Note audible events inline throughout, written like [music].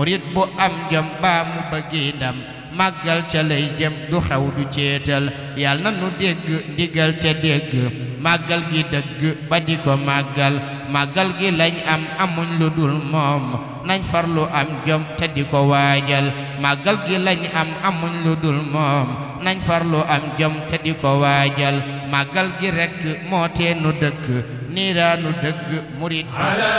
murit bu am jom ba mu bëggee ndam màggal ca lay jëm du xaw du ceetal yàlla na nu dégg ndigal te dégg màggal gi dëgg ba di ko màggal màggal gi lañ am amuñ lu dul moom nañ farlu am jom te di ko waajal màggal gi lañ am amuñ lu dul moom nañ farlu am jom te di ko waajal màggal gi rekk moo teenu dëkk niiraanu dëgg murit ala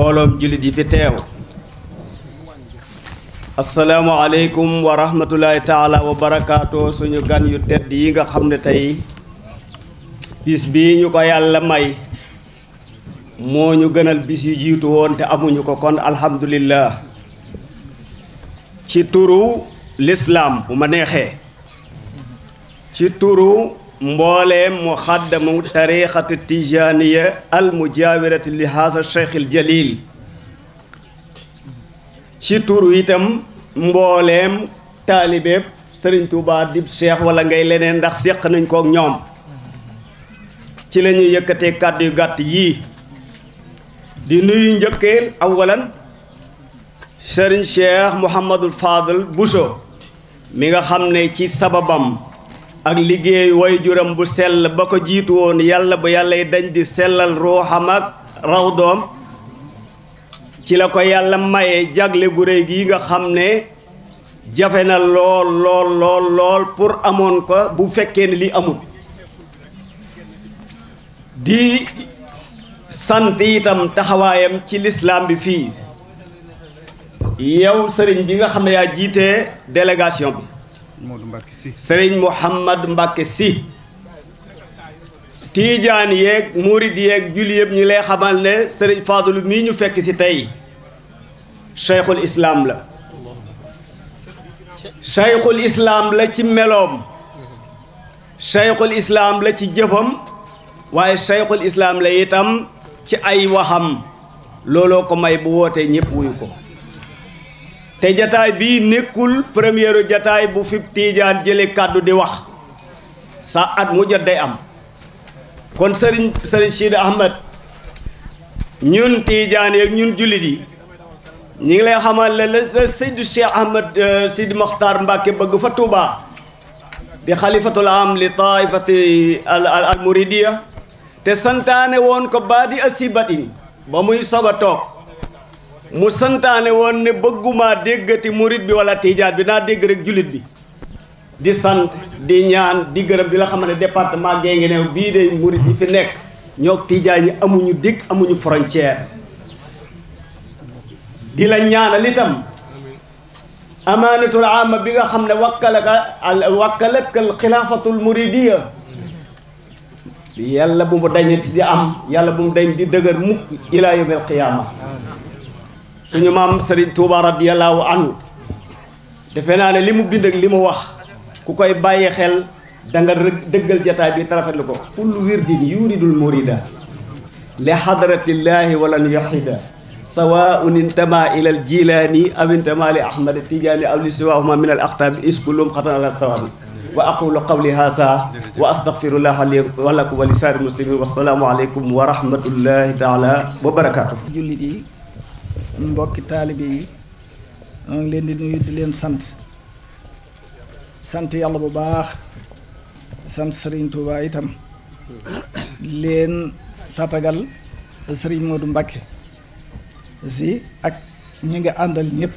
mbooloom jullit yi fi teew asalaamualeykum wa rahmatulahi taala wa barakaatu suñu gan yu tedd yi nga xam ne tey bis bi ñu ko yàlla may moo ñu gënal bis yu jiitu woon te amuñu ko kon alhamdulillah ci turu lislaam bu ma neexee ci turu مولم مخدم تاريخة التيجانية المجاورة لهذا الشيخ الجليل شي ترويتم مولم طالبيب سرين توبا ديب شيخ ولا غاي لنين داخ شيخ ننكوك نيوم شي لنين يكتي كادي غاتي دي نوي نجكيل أولا سرين شيخ محمد الفاضل بوسو ميغا خامني شي سببام ak liggéey waajuram bu sell ba ko jiitu woon yàlla bu yàllay dañ di sellal ruuxam ak raw doom ci la ko yàlla maye jagle gu réy gi nga xam ne jafe na lool lool lool lool pour amoon ko bu fekkee ne li amul di sant itam taxawaayam ci lislaam bi fii yow sëriñ bi nga xam ne yaa jiite délégation bi sëriñ Mouhamad Mbacke si tiijaan yeeg murid yeeg julli yëpp ñu lay xamal ne sëriñ Fadlu mii ñu fekk si tey cheikhul islaam la cheikhul islaam la ci meloom cheikhul islaam la ci jëfam waaye cheikhul islaam la itam ci ay waxam looloo ko may bu wootee ñëpp wuyu ko te jataay bi nekkul premier jataay bu fi tiijaan jële kàddu di wax sa at mu jot day am kon sëriñ sëriñ Sidi Ahmed ñun tiijaan yeeg ñun jullit yi ñi ngi lay xamal la la Cheikh Ahmed euh, Sidi Mokhtar bëgg fa Touba di am li taifati al al muridiya te santaane woon ko baadi asibati ba muy soog mu santaane woon ne bëgguma déggati murit bi wala tiijaan bi naa dégg rek bi di sant di ñaan di gërëm di la xam ne département Guinguinéo bi de murit yi fi nekk ñoo tiijaan yi amuñu dikk amuñu frontière di la ñaanal itam amaanatul ama bi nga wakalaka al wakkalaka wakkalaka Khilafatul muridiya yàlla bu mu dañati di am yàlla bu mu dañ di dëgër mukk ilaa yawmil qiyaama suñu maam Serigne Touba radiyallahu anhu defe naa ne li mu bind ak li mu wax ku koy bàyyi xel da nga dëggal jataay bi tarafetlu ko kullu wirdin yuridul murida li hadratillahi walan yahida sawaun intama ila al jilani aw intama li ahmad tijani aw li siwahuma min al aqtab iskulum xatan ala sawabi wa aqulu qawli hasa wa astaghfirullaha li wa lakum wa li sairil muslimin wassalamu alaykum wa rahmatullahi taala wa barakatuh jullit yi mbokki taalibe yi ngi leen di nuyu di leen sant sant yàlla bu baax sant sëriñ Touba itam leen tatagal sëriñ du Mbakke si ak ñi nga àndal ñépp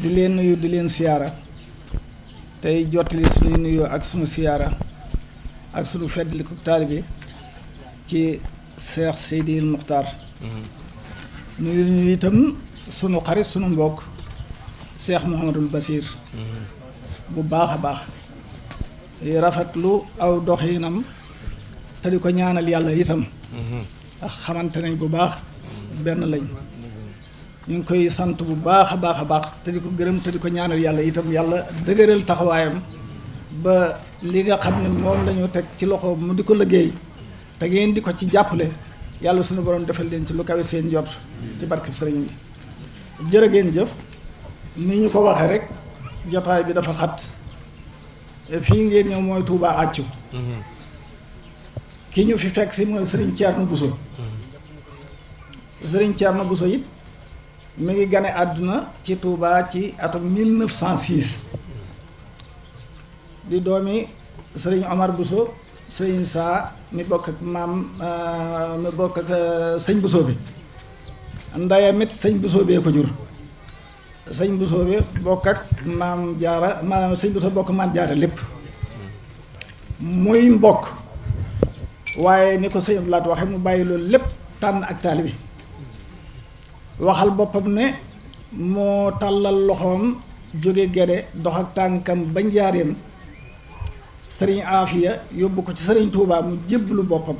di leen nuyu di leen siyaara tey jottali suñu nuyoo ak suñu siyaara ak suñu feddliku taalibe ci Cheikh Seydil Muxtaar mm-hmm. nuyu ñu itam sunu xarit sunu mbokk Cheikh Mouhamadul basiir bu baax a baax rafetlu aw doxinam te di ko ñaanal yàlla itam ak xamante nañ bu baax benn lañ ñu ngi koy sant bu baax a baax a baax te di ko gërëm te di ko ñaanal yàlla itam yàlla dëgëral taxawaayam ba li nga xam ne moom la teg ci loxo mu di ko liggéey te ngeen di ko ci jàppale yàlla suñu borom defal leen ci lu kawe seen jot ci barke sëriñ bi jërë ngeen jëf ni ñu ko waxee rek jotaay bi dafa xat fii ngeen ñëw mooy Touba àccu ki ñu fi fekk si mooy sëriñ Thierno Bousso sëriñ Thierno Bousso it mi ngi gane àdduna ci Touba ci atum 1906 di doomi sëriñ Omar Bousso sëriñ saa mi bokk ak maam ah, mi bokk ak ah, sëñ bu bi ndeyam sëñ bu soobee ko jur sëñ bu soobe bokk ak maam jaara maam sëñ bu bokk maam jaara lépp muy mbokk waaye ni ko sëñ Abdu waxe mu bàyyi loolu lépp tànn ak taalibe waxal boppam ne moo tàllal loxoom jóge gede dox ak tànkam ba njaareem sering Afia yóbbu ko ci sëriñ Touba mu jébbalu boppam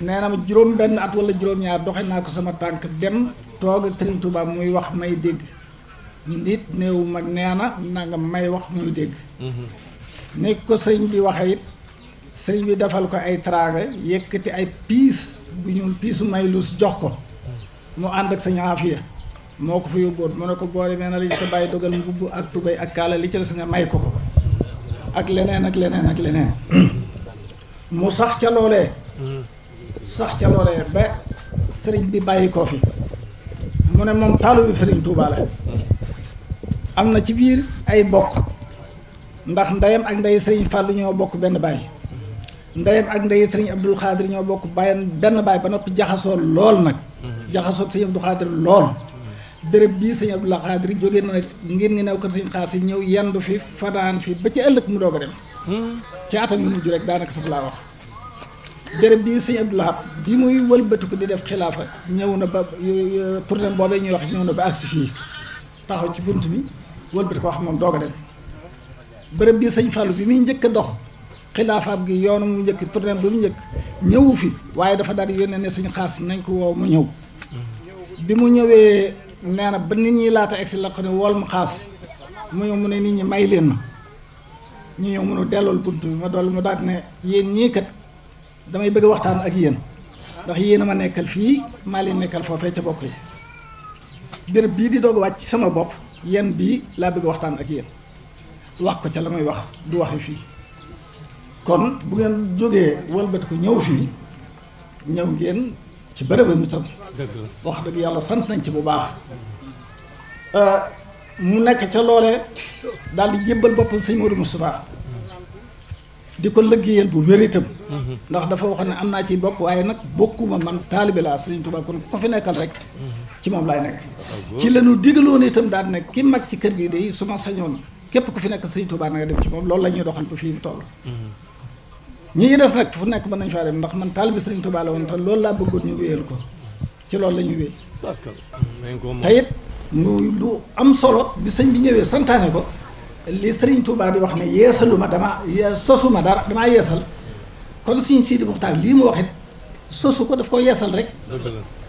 nee mu ma juróom at wala juróom-ñaar doxe naa ko sama tànk dem toog ak sëriñ Touba muy wax may dégg nit néew mag nee na nanga may wax muy dégg. Mm-hmm. ni ko sëriñ bi waxee it sëriñ bi defal ko ay traage yëkkati ay pis bu ñu piisu may lus jox ko mm-hmm. mu ànd ak sëriñ Afia moo ko fa mu ne ko boole sa dogal ak tubéy ak kaala li ci des nga may ko ko. ak leneen ak leneen ak leneen [clears throat] mu sax ca loolee hmm. sax ca loolee ba sëriñ bi bàyyi ko fi mu ne moom taalu bi sëriñ Tuuba am na ci biir ay mbokk ndax ndeyam ak ndey sëriñ Fàllu ñoo bokk benn baay ndeyam ak ndey sëriñ Abdul Xaadir ñoo bokk bay benn baay ba noppi jaxasoo lool nag hmm. jaxasoo sëriñ Abdul Xaadir lool béréb bii sëñ Abdou Khadre jóge na ngir ngi new kër sëñ xaar si ñëw yendu fi fanaan fi ba ci ëllëg mu doog a dem hmm. ci atam yu mujj rek daanaka sax laa di def xilaafa ñëw na ba tournée boobee ñuy wax ñëw na ba fii taxaw ci bunt bi wëlbati ko wax moom doog a dem béréb bii sëñ bi muy njëkk a dox xilaafaam gi yoonu mu njëkk tournée bi mu njëkk ñëwu fi waaye dafa daal di yónnee xaas nañ ko woo mu ñëw bi mu ñëwee nee na ba nit ñi laata egsi la ko ne wool mu xaas mu ñëw mu ne nit ñi may leen ma ñu ñëw mënu dellool bunt bi ma dool mu daal ne yéen ñii kat damay bëgg waxtaan ak yéen ndax yéen a ma nekkal fii maa leen nekkal foofee ca bokk yi béréb bii di doog ci sama bopp yéen bii laa bëgg waxtaan ak yéen wax ko ca la may wax du waxi fii kon bu ngeen jógee wëlbati ko ñëw fii ñëw ngeen ci bërëbam itam wax dëgg yàlla sant nañ ci bu baax euh, mu nekk ca loolee daal di jébbal boppam sëñ Modou Moustapha di ko lëggéeyal bu wér itam ndax dafa wax ne am naa ci bokk waaye nag bokkuma man taalibe laa sëriñ Tuubaa kon ko fi nekkal rek ci moom laay nekk ci la ñu digaloon itam daal nekk ki mag ci kër gi de su ma sañoon képp ku fi nekkal sëriñ Tuubaa na nga dem ci moom loolu la ñuy doxantu fii mu toll ñi des nag fu nekk mën nañ faa dem ndax man taalibe Sëriñ Tuubaa la woon te loolu laa bëggoon ñu wéyal ko ci loolu la ñuy wéy te it mu lu am solo bi sëñ bi ñëwee santaane ko li Sëriñ Tuubaa di wax ne yeesaluma dama sosuma dara damaa yeesal kon Sëriñ Sidi Muxtaar lii mu wax it sosu ko daf ko yeesal rek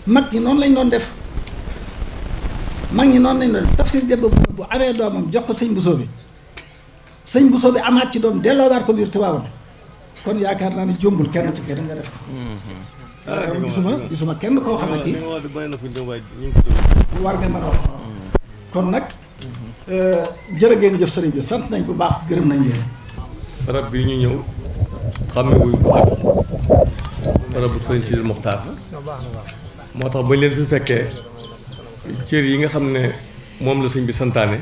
mag ñi noonu lañ doon def mag ñi noonu lañ doon def tafsir jëbb bu amee doomam jox ko sëñ Buso bi sëñ Buso bi amaat ci doom delloowaat ko biir kon yaakaar naa ni jombul kenn ci kenn nga def ko. Ah, gisuma gisuma kenn koo xam ne kii. war nga mën a wax. Mm-hmm. kon nag. Euh, jërë jëf sëriñ bi sant nañ bu baax gërëm nañ leen. barab bi ñu ñëw xam ne wuñ ko ak barabu sëriñ Sidi Moxtaar moo tax bañ leen fi fekkee cër yi nga xam ne moom la sëñ bi santaane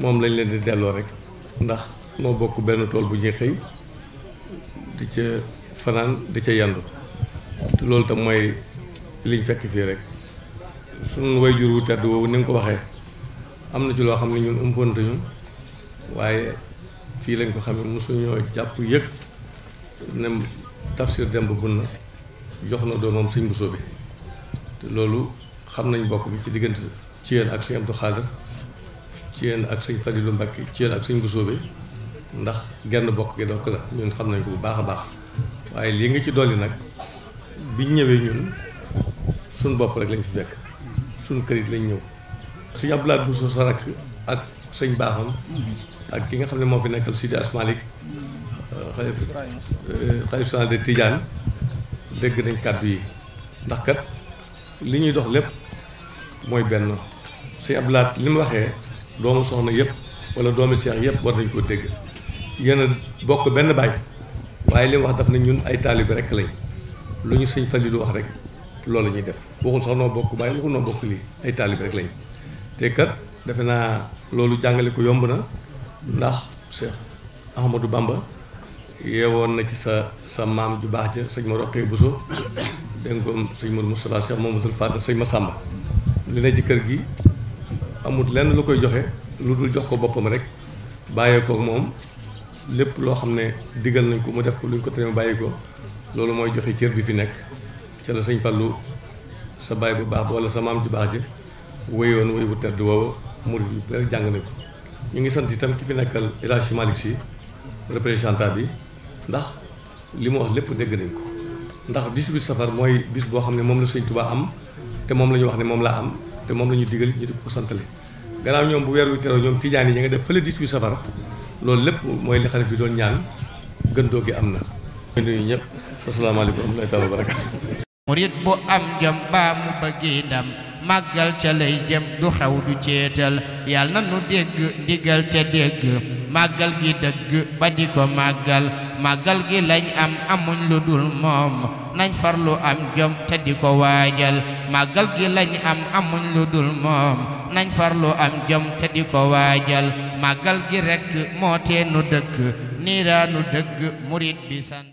moom lañ leen di delloo rek ndax moo bokk benn tool bu ñuy xëy. di ca fanaan di ca yandu te loolu tam mooy liñ fekk fii rek suñu way jur wu tedd woowu ni nga ko waxee am na ci loo xam ne ñun ëmpantuñu waaye fii lañ ko xamee mosuñoo jàpp yëg ne tafsir demb bun na jox na doomam suñ Bousso bi te loolu xam nañ bokk bi ci diggante ci yéen ak sëñ Abdou Khadir ci yéen ak sëñ lu Mbacke ci yéen ak sëñ Bousso bi ndax genn bokk gi dokk la ñun xam nañ ko bu baax a baax waaye lii nga ci dolli nag biñ ñëwee ñun suñ bopp rek lañ fi fekk suñ kër it lañ ñëw suñu Abdoulaye Bousso Sarak ak sëñ baaxam ak ki nga xam ne moo fi nekkal Sidi Asmalik euh, xalif euh, de Tidiane dégg nañ kàddu yi ndax kat li ñuy dox lépp mooy benn sëñ Abdoulaye li mu waxee doomu soxna yëpp wala doomu seex yëpp war nañ koo dégg yéen bokk benn baay waaye li wax daf ne ñun ay taalibe rek lañ lu ñu sëñ lu wax rek loolu ñuy def waxul sax noo bokk baay waxul noo bokk lii ay taalibe rek lañ te kat defe naa loolu jàngale ko yomb na ndax Cheikh Ahmadou Bamba yeewoon na ci sa sa maam ju baax ja sëñ ma roqee Bousso dégg nga ko sëñ Mourou Moustapha Cheikh Mamadou Fadal sëñ ma sàmm li ne ci kër gi amut lenn lu koy joxe lu dul jox ko boppam rek bàyyee moom lépp loo xam ne digal nañ ko mu def ko luñ ko teree bàyyi ko loolu mooy joxe cër bi fi nekk ca la sëñ Fallu sa baay bu baax wala sa maam ju baax ji wéyoon wéy bu tedd woowu murid yu bëri jàng nañ ko ñu ngi sant itam ki fi nekkal El Hadj Malick Sy représentant bi ndax li mu wax lépp dégg nañ ko ndax 18 safar mooy bis boo xam ne moom la sëñ Tuubaa am te moom la ñu wax ne moom laa am te moom la ñu digal ñu di ko santale gannaaw ñoom bu weer wi teroo ñoom yi ña nga def fële 18 safar loolu lépp mooy li xalif bi doon ñaan gëndoo gi am na gën yu ñëpp asalaamaaleykum wa rahmatullaahi taala wa barakaatu murit bu am jom baa mu bëggee ndam màggal ca lay jëm du xaw du ceetal yàlla na nu dégg ndigal te dégg màggal gi dëgg ba di ko màggal màggal gi lañ am amuñ lu dul moom nañ farlu am jom te di ko waajal màggal gi lañ am amuñ lu dul moom nañ farlu am jom te di ko waajal màggal gi rekk moo tee nu dëkk niiraanu dëgg murit bi sant